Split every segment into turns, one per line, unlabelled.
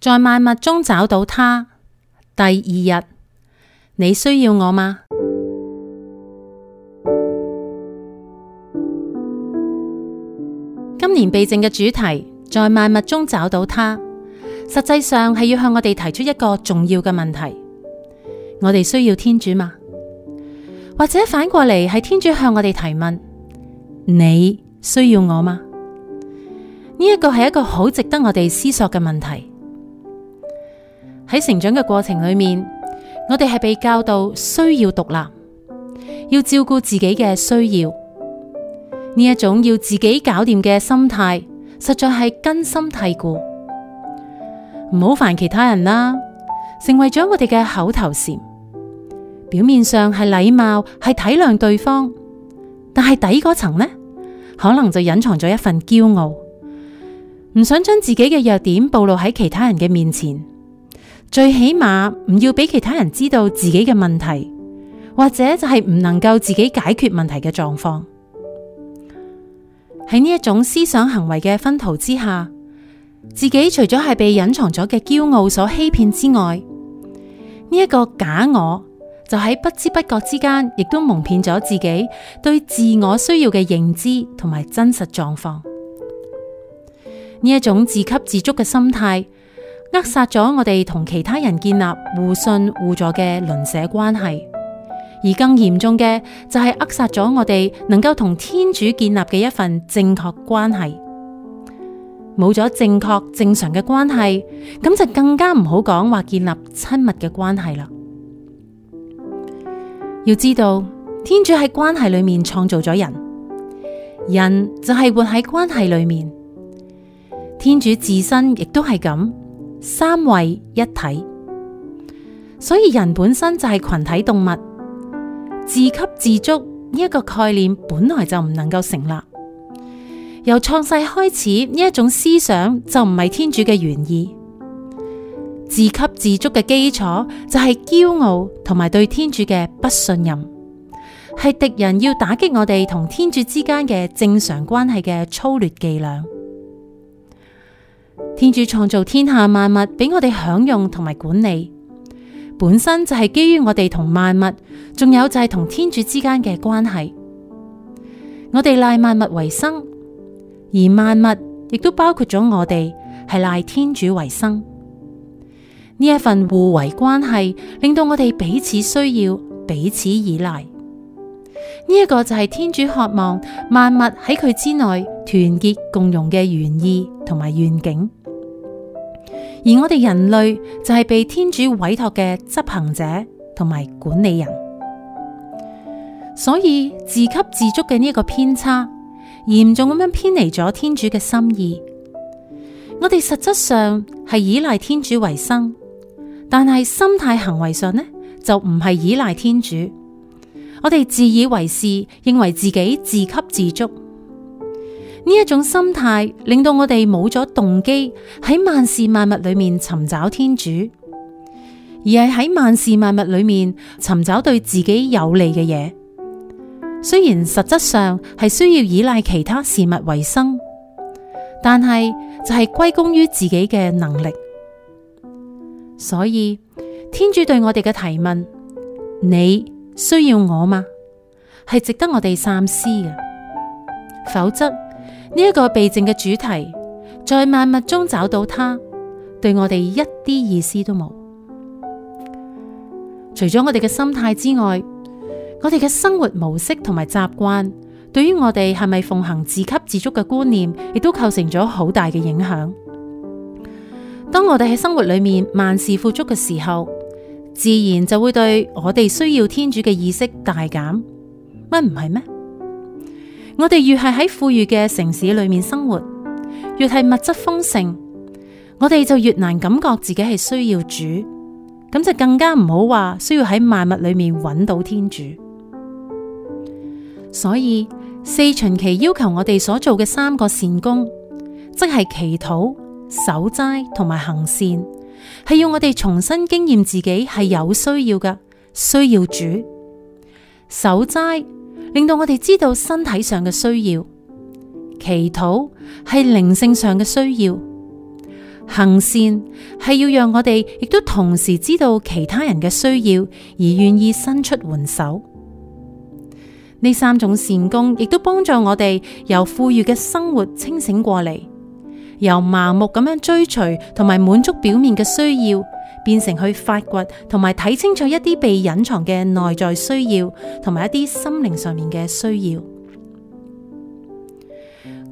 在萬物中找到祂。第二日，你需要我嗎？今年避靜嘅主題在萬物中找到祂，實際上係要向我哋提出一個重要嘅問題：我哋需要天主嗎？或者反過嚟，係天主向我哋提問：你需要我嗎？呢、這個、一個係一個好值得我哋思索嘅問題。喺成長嘅過程裏面，我哋係被教導需要獨立，要照顧自己嘅需要。呢一種要自己搞掂嘅心態，實在係根深蒂固。唔好煩其他人啦，成為咗我哋嘅口頭禪，表面上係禮貌，係體諒對方，但係底嗰層呢，可能就隱藏咗一份驕傲，唔想將自己嘅弱點暴露喺其他人嘅面前。最起碼唔要俾其他人知道自己嘅問題，或者就係唔能夠自己解決問題嘅狀況。喺呢一種思想行為嘅薰陶之下，自己除咗係被隱藏咗嘅驕傲所欺騙之外，呢一個假我就喺不知不覺之間，亦都蒙騙咗自己對自我需要嘅認知同埋真實狀況。呢一種自給自足嘅心態。扼殺咗我哋同其他人建立互信互助嘅鄰舍關係，而更嚴重嘅就係扼殺咗我哋能夠同天主建立嘅一份正確關係。冇咗正確正常嘅關係，咁就更加唔好講話建立親密嘅關係啦。要知道，天主喺關係裏面創造咗人，人就係活喺關係裏面，天主自身亦都係咁。三位一體，所以人本身就係群體動物，自給自足呢一個概念本來就唔能夠成立。由創世開始呢一種思想就唔係天主嘅原意。自給自足嘅基礎就係驕傲同埋對天主嘅不信任，係敵人要打擊我哋同天主之間嘅正常關係嘅粗劣伎倆。天主創造天下萬物俾我哋享用同埋管理，本身就係基於我哋同萬物，仲有就係同天主之間嘅關係。我哋賴萬物為生，而萬物亦都包括咗我哋係賴天主為生。呢一份互為關係，令到我哋彼此需要，彼此依賴。呢一個就係天主渴望萬物喺佢之內團結共融嘅原意同埋願景，而我哋人類就係被天主委託嘅執行者同埋管理人，所以自給自足嘅呢一個偏差，嚴重咁樣偏離咗天主嘅心意。我哋實質上係依賴天主維生，但係心態行為上呢就唔係依賴天主。我哋自以為是，認為自己自給自足，呢一種心態令到我哋冇咗動機喺萬事萬物裏面尋找天主，而係喺萬事萬物裏面尋找對自己有利嘅嘢。雖然實質上係需要依賴其他事物維生，但係就係歸功於自己嘅能力。所以天主對我哋嘅提問，你需要我嗎？係值得我哋三思嘅。否則呢一個避靜嘅主題，在萬物中找到祂，對我哋一啲意思都冇。除咗我哋嘅心態之外，我哋嘅生活模式同埋習慣，對於我哋係咪奉行自給自足嘅觀念，亦都構成咗好大嘅影響。當我哋喺生活裏面萬事富足嘅時候，自然就會對我哋需要天主嘅意識大減，乜唔係咩？我哋越係喺富裕嘅城市裏面生活，越係物質豐盛，我哋就越難感覺自己係需要主，咁就更加唔好話需要喺萬物裏面揾到天主。所以四旬期要求我哋所做嘅三個善功，即係祈禱、守齋同埋行善。係要我哋重新經驗自己係有需要嘅，需要主。守齋，令到我哋知道身體上嘅需要；祈禱係靈性上嘅需要；行善係要讓我哋亦都同時知道其他人嘅需要，而願意伸出援手。呢三種善功亦都幫助我哋由富裕嘅生活清醒過嚟。由盲目咁樣追隨同埋滿足表面嘅需要，變成去發掘同埋睇清楚一啲被隱藏嘅內在需要，同埋一啲心靈上面嘅需要。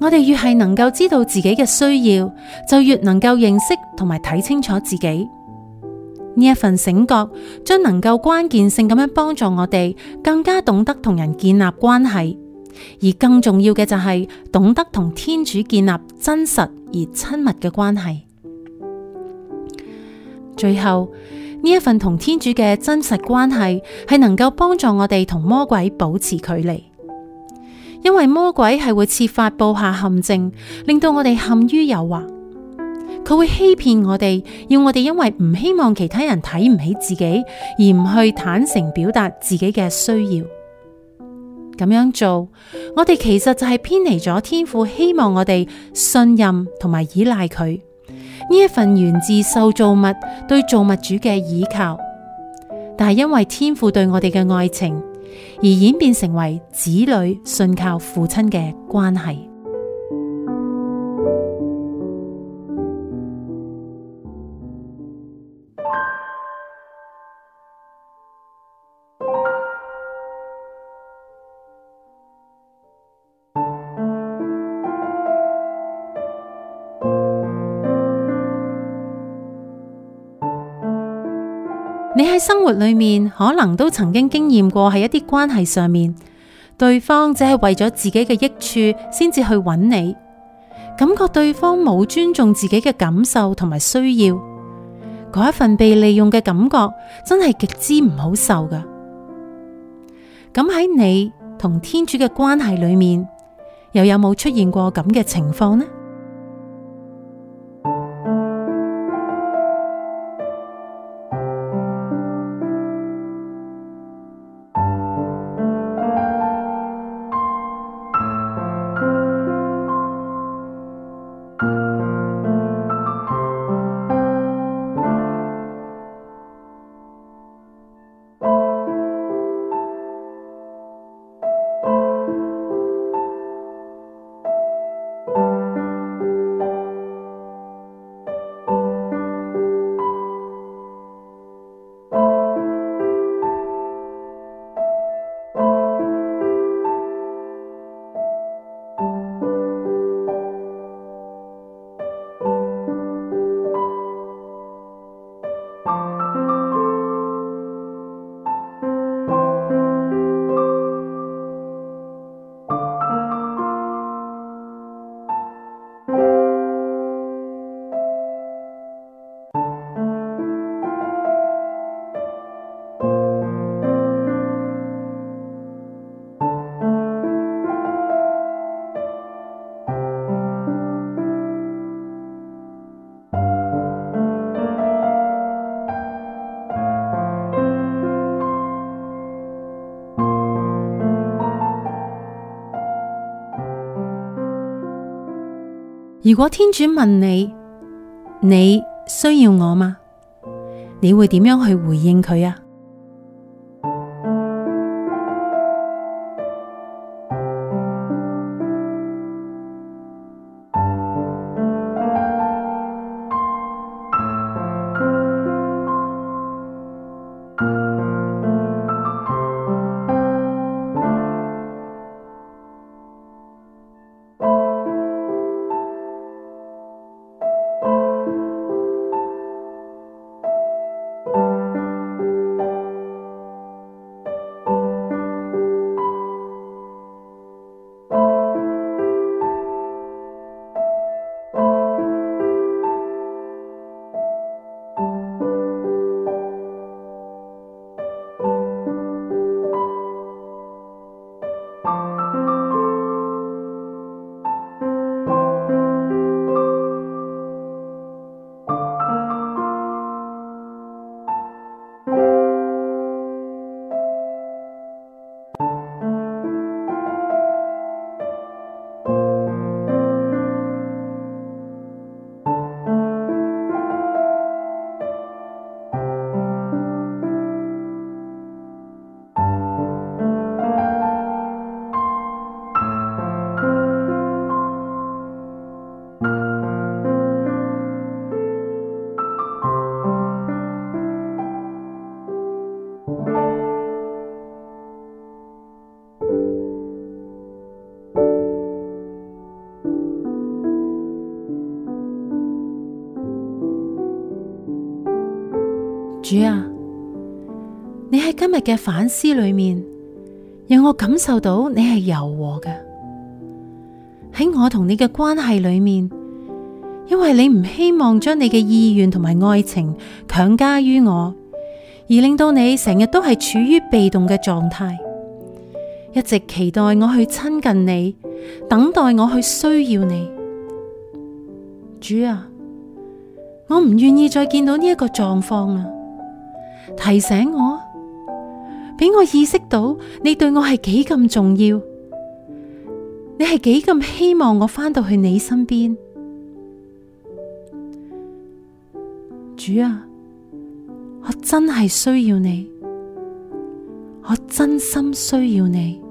我哋越係能夠知道自己嘅需要，就越能夠認識同埋睇清楚自己。呢一份醒覺，將能夠關鍵性咁樣幫助我哋更加懂得同人建立關係。而更重要嘅就係懂得同天主建立真實而親密嘅關係。最後呢一份同天主嘅真實關係，係能夠幫助我哋同魔鬼保持距離，因為魔鬼係會設法布下陷阱，令到我哋陷於誘惑。佢會欺騙我哋，要我哋因為唔希望其他人睇唔起自己，而唔去坦誠表達自己嘅需要。咁樣做，我哋其實就係偏離咗天父希望我哋信任同埋依賴佢呢一份源自受造物對造物主嘅倚靠，但係因為天父對我哋嘅愛情而演變成為子女信靠父親嘅關係。喺生活裏面可能都曾經經驗過，喺一啲關係上面，對方只係為咗自己嘅益處先至去揾你，感覺對方冇尊重自己嘅感受同埋需要，嗰一份被利用嘅感覺真係極之唔好受㗎。咁喺你同天主嘅關係裏面，又有冇出現過咁嘅情況呢？如果天主問你，你需要我嗎？你會點樣去回應佢呀？主啊，你喺今日嘅反思裏面，讓我感受到你係柔和嘅。喺我同你嘅關係裏面，因為你唔希望將你嘅意願同埋愛情強加於我，而令到你成日都係處於被動嘅狀態，一直期待我去親近你，等待我去需要你。主啊，我唔願意再見到呢一個狀況啦。提醒我，俾我意識到你對我係幾咁重要，你係幾咁希望我返到去你身邊，主啊，我真係需要你，我真心需要你。